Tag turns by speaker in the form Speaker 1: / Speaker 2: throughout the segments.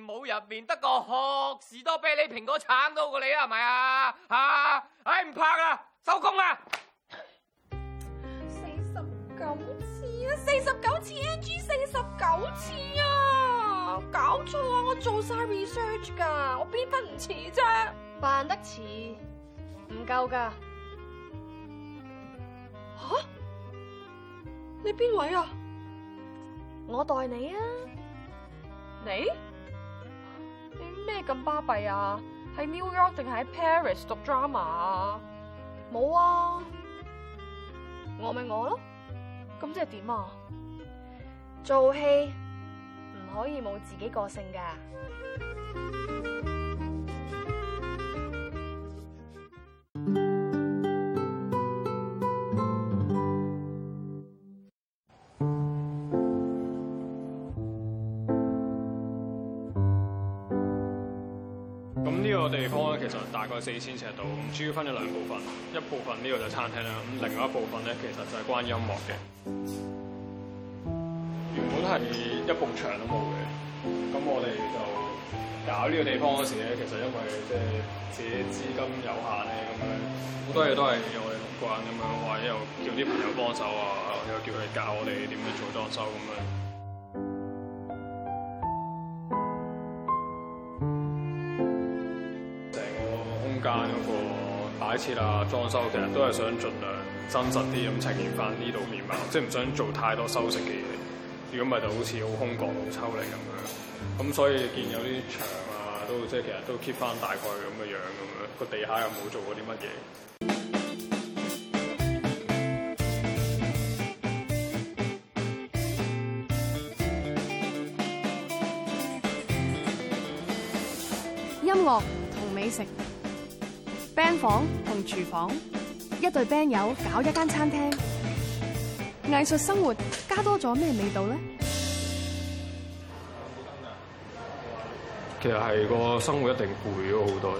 Speaker 1: 冇入面得個學士多啤梨蘋果橙到過你啦，係咪啊？吓，
Speaker 2: 唉唔拍啦，收工啦！
Speaker 3: 四十九次啊，四十九次 NG，四十九次啊！搞錯啊，我
Speaker 1: 做晒 research 噶，我邊得唔似啫？扮得似，唔
Speaker 4: 夠噶。吓？
Speaker 1: 你邊位啊？我代你啊。
Speaker 4: 你？
Speaker 1: 咩咁巴閉啊？喺 New York 定係喺 Paris 讀 drama 啊？冇啊，我咪我咯。咁即係點啊？做戲唔可以冇自己個性㗎。
Speaker 2: 就大概四千尺度，主要分咗兩部分，一部分呢個就餐廳啦，咁另外一部分咧，其實就係關於音樂嘅。 原本係一埲牆都冇嘅，咁我哋就搞呢個地方嗰時咧，其實因為即係自己資金有限咧，咁樣好多嘢都係我哋獨關咁樣，或者又叫啲朋友幫手啊，又叫佢教我哋點樣做裝修咁樣。一次啦！裝修其實都係想盡量真實啲咁呈現翻呢度面貌，即係唔想做太多修飾嘅嘢。如果唔係就好似好空曠好抽離咁樣。咁所以見有啲牆啊，都即係其實都 keep 翻大概咁嘅樣咁樣。個地下又冇做過啲乜嘢。
Speaker 1: 音樂同美食。band 房同廚房，一對 band 友搞一間餐廳，藝術生活加多咗咩味道咧？
Speaker 2: 其實係個生活一定攰咗好多，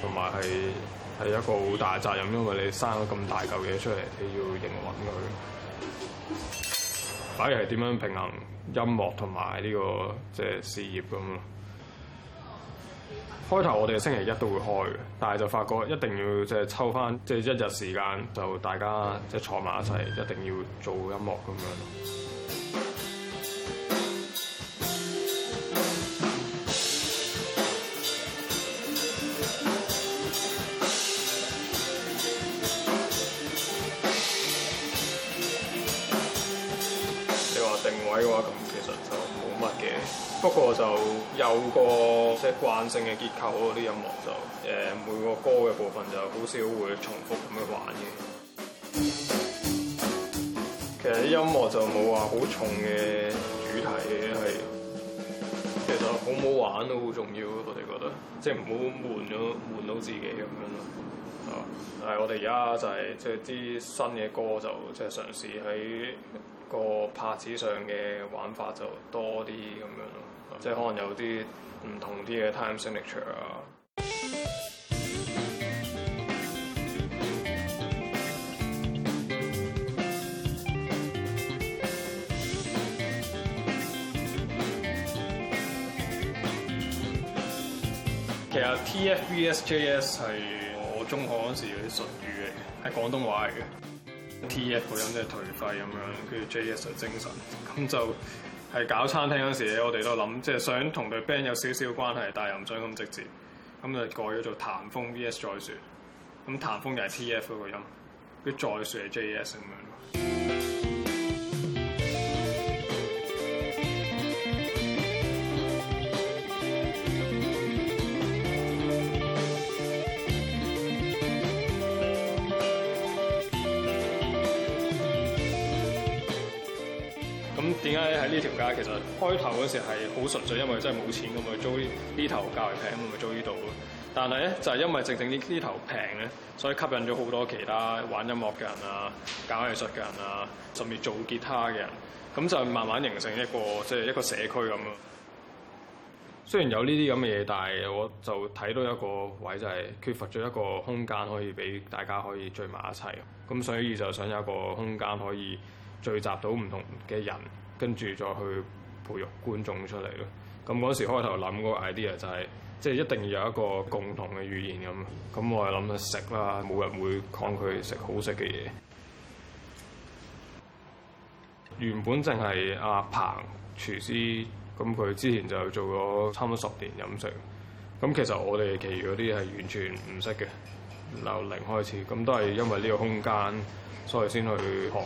Speaker 2: 同埋係係一個好大的責任，因為你生咗咁大嚿嘢出嚟，你要營運佢。反而係點樣平衡音樂同埋呢個即係事業咁咯？開頭我哋星期一都會開嘅，但係就發覺一定要即係抽翻即係一日時間，就大家即係坐埋一齊，一定要做音樂咁樣。不過就有個即係慣性嘅結構咯，啊，啲音樂就誒每個歌嘅部分就好少會重複咁樣玩嘅。其實音樂就冇話好重嘅主題嘅，係其實好唔好玩都好重要，我哋覺得即係唔好悶咗，悶到自己咁樣咯。但係我哋而家就係即係啲新嘅歌就即係嘗試喺。拍子上嘅玩法就多啲咁樣咯，即係可能有啲唔同啲嘅 time signature 啊。其實 TFVSJS 係我中學嗰時啲術語嚟嘅，係廣東話嚟嘅。T F 嗰個音即係頹廢咁樣，跟住、嗯、J S 就精神，咁、嗯、就係搞餐廳嗰時我哋都諗，即、就、係、是、想同對 band 有少少關係，但係又唔想咁直接，咁就改咗做談風 V S 再說，咁談風又係 T F 嗰個音，跟住再說係 J S 咁樣。點解喺呢條街？其實開頭嗰時係好純粹，因為真係冇錢咁，去租呢呢頭價位平，咪租呢度咯。但係咧，就係因為正正呢呢頭平咧，所以吸引咗好多其他玩音樂嘅人啊、搞藝術嘅人啊，甚至做吉他嘅人，咁就慢慢形成一個即係、就是、一個社區咁咯。雖然有呢啲咁嘅嘢，但係我就睇到一個位就係缺乏咗一個空間可以俾大家可以聚埋一齊。咁所以就想有一個空間可以聚集到唔同嘅人。跟住再去培育觀眾出嚟咯。咁嗰時開頭諗嗰個 idea 就係，即係一定要有一個共同嘅語言咁。咁我係諗住食啦，冇人會抗拒食好食嘅嘢。原本淨係阿彭廚師，咁佢之前就做咗差唔多十年飲食。咁其實我哋其餘嗰啲係完全唔識嘅，由零開
Speaker 3: 始。咁都係因為呢個空間，所以先去學。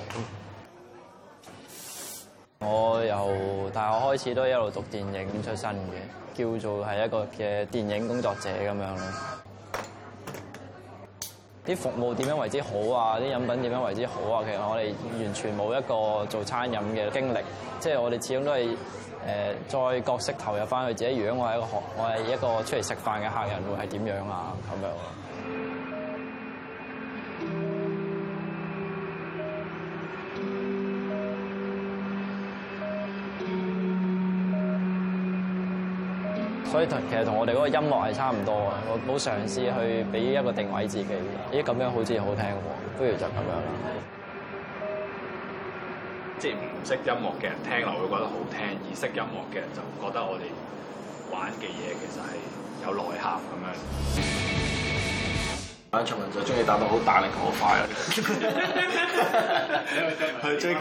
Speaker 3: 我由大學開始都一路讀電影出身嘅，叫做係一個嘅電影工作者咁樣咯。啲服務點樣為之好啊？啲飲品點樣為之好啊？其實我哋完全冇一個做餐飲嘅經歷，即係我哋始終都係誒呃再角色投入翻去自己。如果我係一個學，我係一個出嚟食飯嘅客人，會係點樣啊？咁樣。所以其實同我哋嗰個音樂係差唔多嘅，我冇嘗試去俾一個定位自己。咦，咁樣好似好聽喎，不如就咁樣啦。即係唔
Speaker 2: 識音樂嘅人聽落會覺得好聽，而識音樂嘅人就覺得我哋玩嘅嘢
Speaker 3: 其實係有內涵咁樣。阿長林就中意打到好大力好快，快，去追求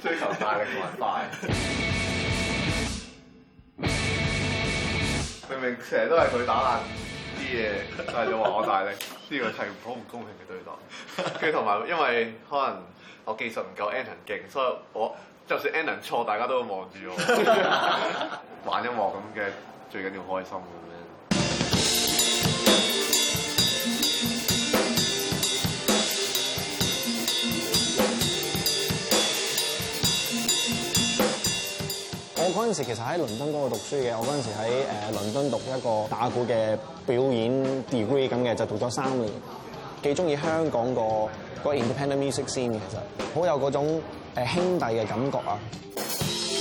Speaker 3: 追求大力同埋快。明明成日都係佢打爛啲嘢，就係你話我大力，呢個係
Speaker 1: 好唔公平嘅對待。跟住同埋，因為可能我技術唔夠，Anton 勁，所以我就算 Anton 錯，大家都會望住我。 玩音樂咁嘅，最緊要開心。
Speaker 3: 嗰時其實喺倫敦嗰度讀書嘅，我嗰陣時喺誒倫敦讀一個打鼓嘅表演 degree 咁嘅，就讀咗三年，幾中意香港個個 independent music scene 嘅，其實好有嗰種、欸、兄弟嘅感覺啊！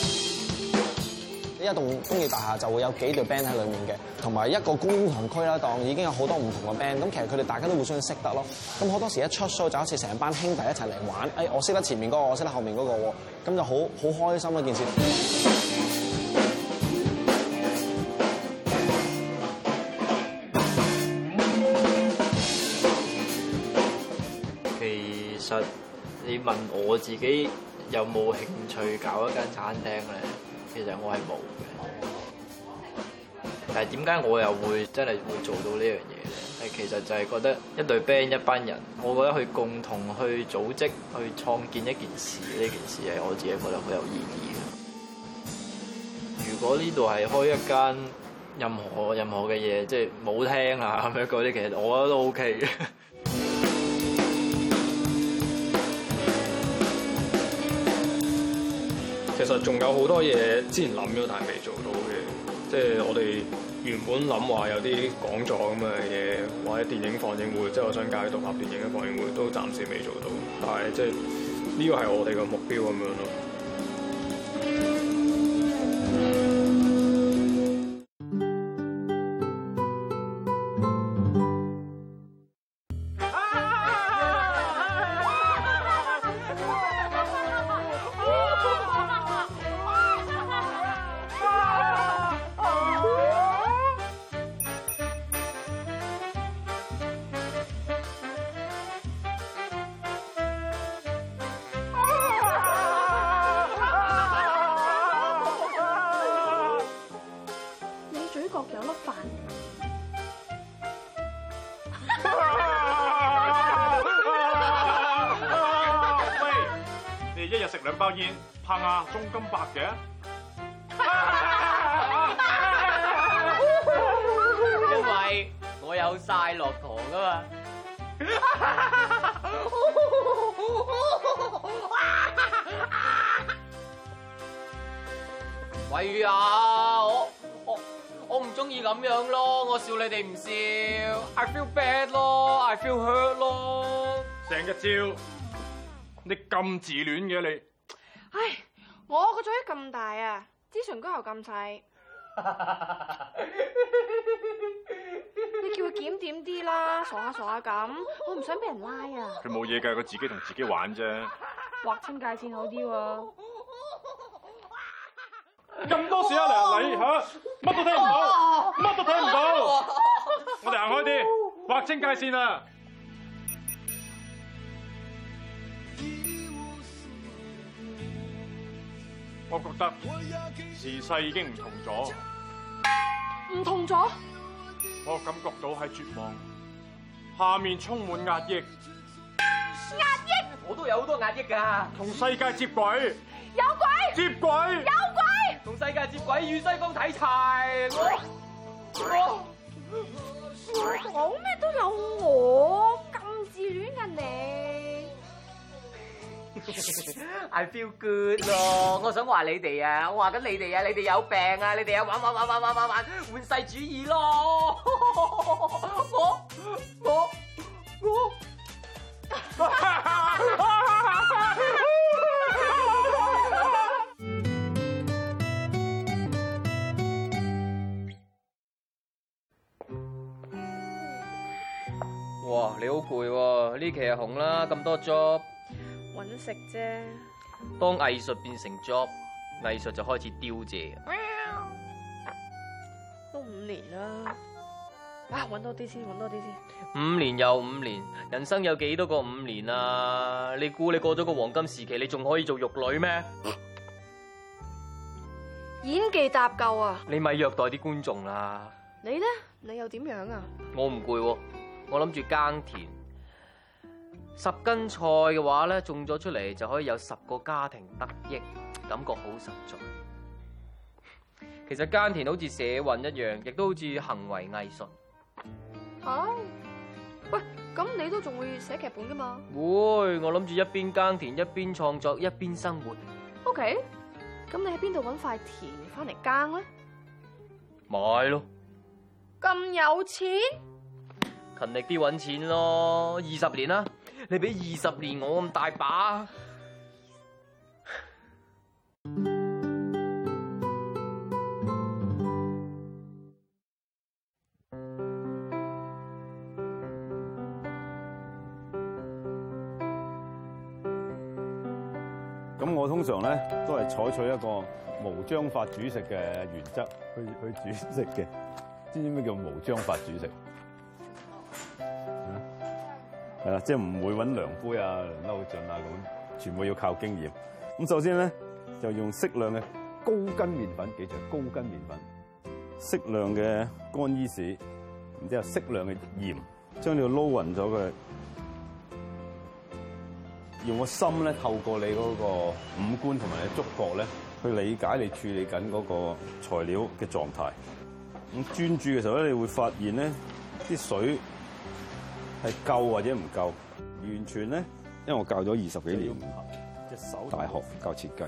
Speaker 3: 一棟工業大廈就會有幾隊 band 喺裡面嘅，同埋一個觀塘區啦，當已經有好多唔同嘅 band，咁其實佢哋大家都互相識得咯。咁好多時一出 show 就好似成班兄弟一齊嚟玩，誒、哎、我識得前面嗰個，我識得後面嗰個，咁就好好開心一件事。其實你問我自己有冇興趣搞一間餐廳咧，其實我係冇嘅。但係點解我又會真係會做到呢樣嘢咧？其實就係覺得一隊 band 一班人，我覺得去共同去組織去創建一件事呢件事係我自己覺得好有意義嘅。如果呢度係開一間任何任何嘅嘢，即係舞廳啊咁樣嗰啲，其實我覺得都 OK 嘅。
Speaker 2: 其實仲有好多嘢之前諗咗，但係未做到嘅。即係我哋原本諗話有啲講座咁嘅嘢，或者電影放映會，即係我想搞啲獨立電影嘅放映會，都暫時未做到。但係即係呢個係我哋個目標咁樣咯。包煙拍下鐘金
Speaker 4: 白嘅，因為
Speaker 1: 我有晒落堂噶嘛？
Speaker 4: 喂啊，我我我
Speaker 1: 唔中意咁樣咯，我笑你哋唔笑，I feel bad 咯
Speaker 2: ，I feel hurt 咯，成日笑，你咁自戀嘅你？
Speaker 3: 唉，我個嘴咁大啊，支唇膏又咁細， 你叫佢檢點啲啦，傻下傻下咁，
Speaker 1: 我唔想俾人拉啊！佢
Speaker 5: 冇嘢噶，佢自己同自己玩啫。
Speaker 1: 劃清界線好啲喎，
Speaker 4: 咁多事啊！你吓、啊，乜、啊、都睇唔到，乜、哎、呦都睇唔到，哎、呦我哋行開
Speaker 2: 啲，劃清界線啊。我覺得時勢已經唔同咗，
Speaker 1: 唔同咗。
Speaker 2: 我感覺到係絕望，下面充滿壓抑，
Speaker 1: 壓抑。我都有好多壓抑噶，
Speaker 2: 同世界接軌，
Speaker 1: 有鬼？接軌？有鬼？同世界接軌與西方睇齊，我
Speaker 3: 我我講咩都有我，咁自戀嘅你。
Speaker 1: I feel good 咯，我想話你哋啊，我話緊你哋啊，你哋有病啊，你哋啊玩玩玩玩玩玩玩換世主義咯，我我我，哇，你好攰喎，呢期又紅啦，咁多 job。食啫。當藝術變成 job，藝術就開始凋謝。都五年啦，啊，揾多啲先，揾多啲先。五年又五年，人生有幾多個五年啊？你估你過咗個黃金時期，你仲可以做玉女咩？演技搭救啊！你咪虐待啲觀眾啦！你咧，你又點樣啊？我唔攰，我諗住耕田。十斤菜嘅話咧，種咗出嚟，就可以有十個家庭得益，感覺好實在。其實耕田好似社運一樣，亦都好似行為藝術。吓、啊，喂，咁你都仲會寫劇本噶嘛？會，我諗住一邊耕田一邊創作一邊生活。OK，咁你喺邊度搵塊田翻嚟耕咧？買咯。咁有錢？勤力啲搵錢咯，二十年啦。你俾二十年我咁大把，
Speaker 5: 咁 我通常呢都係採取一個無章法煮食嘅原則去去煮食嘅。知唔知咩叫無章法煮食？ 係啦，即係唔會揾涼杯啊、涼溜樽啊咁，全部要靠經驗。咁首先咧，就用適量嘅高筋麵粉，記住高筋麵粉，適量嘅乾衣士，然之後適量嘅鹽，將你撈勻咗佢。用個心咧，透過你嗰個五官同埋你觸覺咧，去理解你處理緊嗰個材料嘅狀態。咁專注嘅時候咧，你會發現咧，啲水。係夠或者唔夠，完全咧，因為我教咗二十幾年，大學教設計，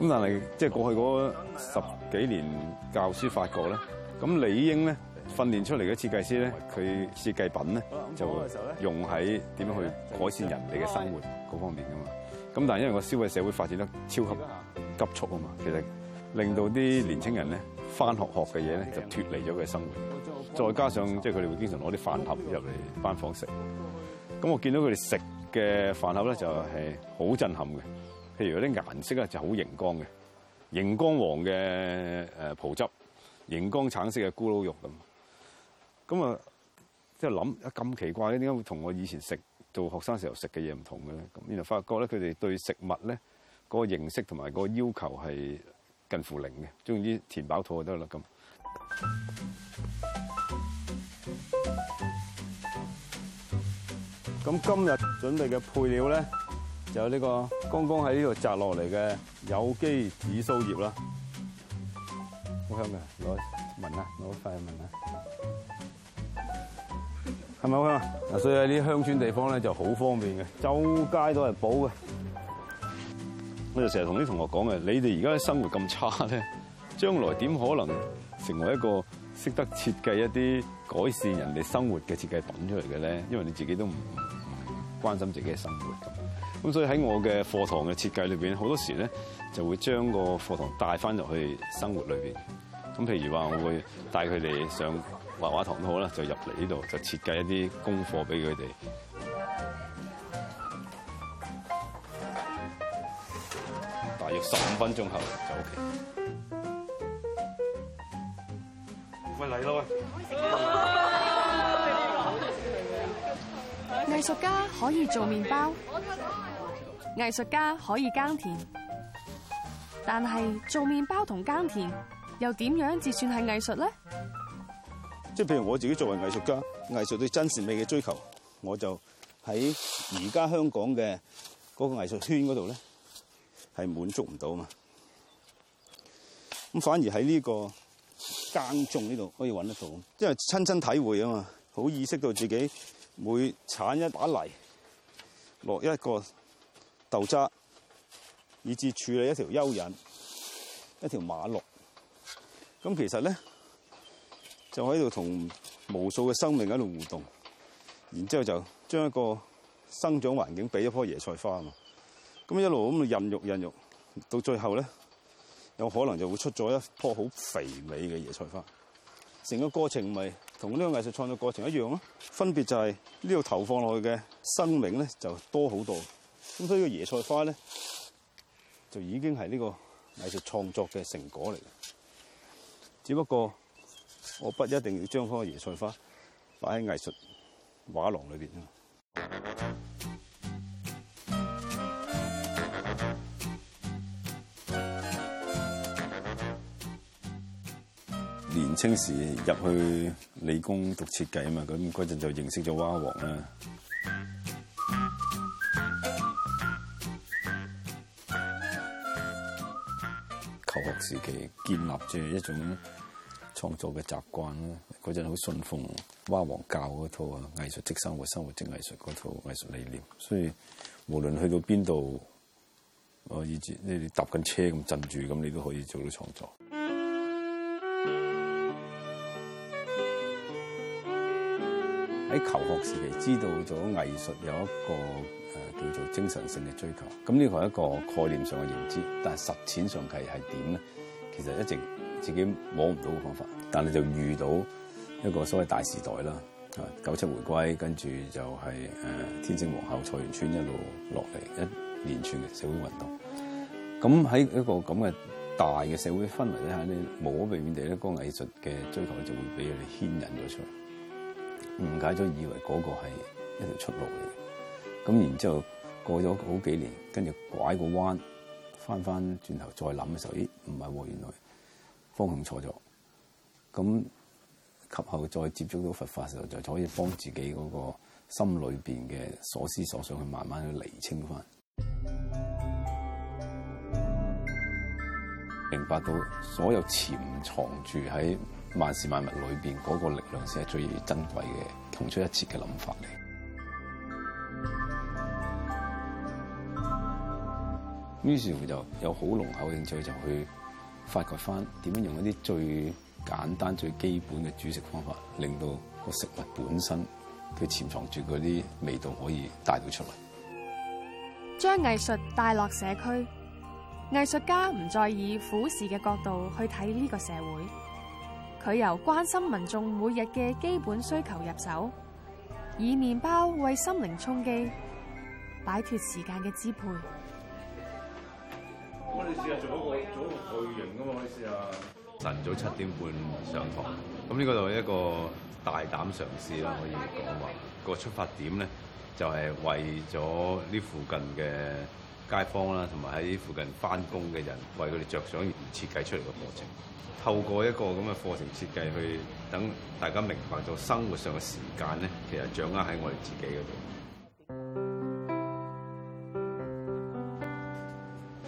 Speaker 5: 咁但係即係過去嗰十幾年教書發覺咧，咁理應咧訓練出嚟嘅設計師咧，佢設計品咧就會用喺點樣去改善人哋嘅生活嗰方面噶嘛，咁但係因為個消費社會發展得超級急速啊嘛，其實令到啲年青人咧。返學學嘅嘢咧就脫離咗佢嘅生活，再加上即係佢哋會經常攞啲飯盒入嚟班房食。咁我見到佢哋食嘅飯盒咧就係好震撼嘅，譬如有啲顏色咧就好熒光嘅，熒光黃嘅誒葡汁，熒光橙色嘅咕嚕肉咁。咁啊即係諗啊咁奇怪咧，點解會同我以前食做學生時候食嘅嘢唔同嘅咧？咁原來發覺咧佢哋對食物咧嗰個認識同埋嗰個要求係。近乎零嘅，鍾意啲填飽肚就得啦咁。咁今日準備嘅配料咧，就呢個剛剛喺呢度摘落嚟嘅有機紫蘇葉啦，好香嘅，攞聞下，攞快聞下，係咪好香？所以喺啲鄉村地方咧就好方便嘅，周街都係補嘅。我就成日同啲同學講嘅，你哋而家生活咁差咧，將來點可能成為一個識得設計一啲改善人哋生活嘅設計品出嚟嘅咧？因為你自己都唔關心自己嘅生活咁。咁所以喺我嘅課堂嘅設計裏邊，好多時咧就會將個課堂帶翻入去生活裏邊。咁譬如話，我會帶佢哋上畫畫堂都好啦，就入嚟呢度就設計一啲功課俾佢哋。十五分鐘後就 OK。喂嚟
Speaker 4: 咯！藝術家可以做麵包，
Speaker 1: 藝術家可以耕田，但係做麵包同耕田又點樣至算係藝術咧？
Speaker 5: 即係譬如我自己作為藝術家，藝術對真善美嘅追求，我就喺而家香港嘅嗰個藝術圈嗰度咧，係滿足唔到嘛？咁反而喺呢個耕種呢度可以揾得到，因為親身體會啊嘛，好意識到自己每剷一把泥，落一個豆渣，以至處理一條蚯蚓、一條馬陸。咁其實咧，就喺度同無數嘅生命喺度互動，然之後就將一個生長環境俾一樖椰菜花啊嘛。咁一路咁嚟孕育、孕育，到最後咧，有可能就會出咗一棵好肥美嘅椰菜花。成個過程咪同呢個藝術創作過程一樣咯，分別就係呢個投放落去嘅生命咧就多好多。咁所以個椰菜花咧，就已經係呢個藝術創作嘅成果嚟。只不過我不一定要將嗰個椰菜花擺喺藝術畫廊裏邊啊。青時入去理工讀設計啊嘛，咁嗰陣就認識咗蛙王啦。求學時期建立住一種創作嘅習慣，嗰陣好信奉蛙王教嗰套啊，藝術即生活，生活即藝術嗰套藝術理念。所以無論去到邊度，我以至你搭緊車咁震住，咁你都可以做到創作。喺求學時期知道咗藝術有一個誒叫做精神性嘅追求，咁呢個係一個概念上嘅認知，但係實踐上係係點咧？其實一直自己摸唔到嘅方法，但係就遇到一個所謂大時代啦，啊九七回歸，跟住就係誒天星皇后、菜園村一路落嚟一連串嘅社會運動，咁喺一個咁嘅大嘅社會氛圍底下你無可避免地咧，呢個藝術嘅追求就會俾佢哋牽引咗出嚟。誤解咗，以為嗰個係一條出路嚟嘅。咁然之後過咗好幾年，跟住拐個彎，返返轉頭再諗嘅時候，咦？唔係喎，原來方向錯咗。咁及後再接觸到佛法嘅時候，就可以幫自己嗰個心裏邊嘅所思所想，去慢慢去釐清返，明白到所有潛藏住喺。萬事萬物裏邊嗰個力量，先係最珍貴嘅，同出一轍嘅諗法嚟。於是乎就有好濃厚嘅興趣，就去發掘翻點樣用一啲最簡單最基本嘅煮食方法，令到個食物本身佢潛藏住嗰啲味道，可以帶到出嚟。
Speaker 1: 將藝術帶落社區，藝術家唔再以俯視嘅角度去睇呢個社會。佢由關心民眾每日嘅基本需求入手，以麵包為心靈充飢，擺脫時間嘅支配。
Speaker 4: 我哋
Speaker 5: 試下做一個早六巨型噶嘛，可以試下。晨早七點半上堂，咁呢個就係一個大膽嘗試啦。可以講話個出發點咧，就係為咗呢附近嘅。街坊啦，同埋喺附近翻工嘅人，為佢哋着想而設計出嚟嘅課程，透過一個咁嘅課程設計去等大家明白到生活上嘅時間咧，其實掌握喺我哋自己嗰度。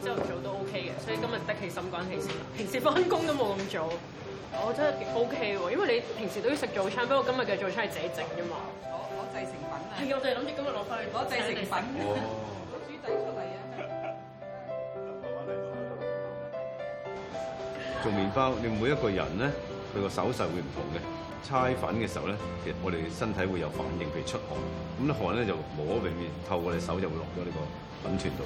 Speaker 5: 朝頭早都 OK 嘅，所
Speaker 1: 以今日得起心肝起身啦。平時翻工都冇咁早，我真係 OK 喎，因為你平時都要食早餐，不過今日嘅早餐係自己整㗎嘛。攞攞製成品啊！係啊，我哋諗住今日攞翻
Speaker 4: 去攞製成品。
Speaker 5: 做麵包，你每一個人咧，佢個手勢會唔同嘅。搓粉嘅時候咧，其實我哋身體會有反應，譬如出汗。咁啲汗咧就冇可避免，透過你手就會落咗呢個粉團度。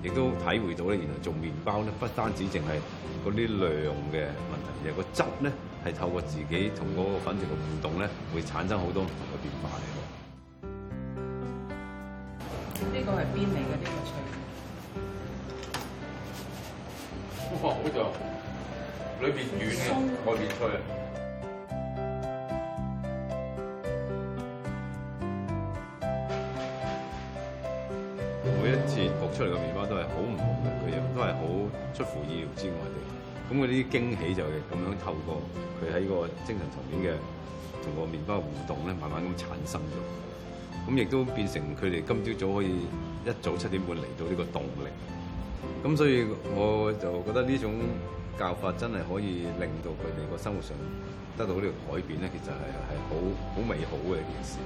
Speaker 5: 亦都體會到咧，原來做麵包咧，不單止淨係嗰啲量嘅問題，而係個質咧，係透過自己同嗰個粉團嘅互動咧，會產生好多唔同嘅變化嚟嘅。呢個係邊嚟嘅？
Speaker 4: 呢個菜。
Speaker 5: 哇、哦！好在裏邊軟啊，外邊脆啊。每一次焗出嚟嘅麵包都係好唔同嘅，佢又都係好出乎意料之外嘅。咁嗰啲驚喜就係咁樣透過佢喺個精神層面嘅同個麵包互動咧，慢慢咁產生咗。咁亦都變成佢哋今朝早可以一早七點半嚟到呢個動力。咁所以我就覺得呢種教法真係可以令到佢哋個生活上得到呢個改變咧，其實係係好好美好嘅一件事。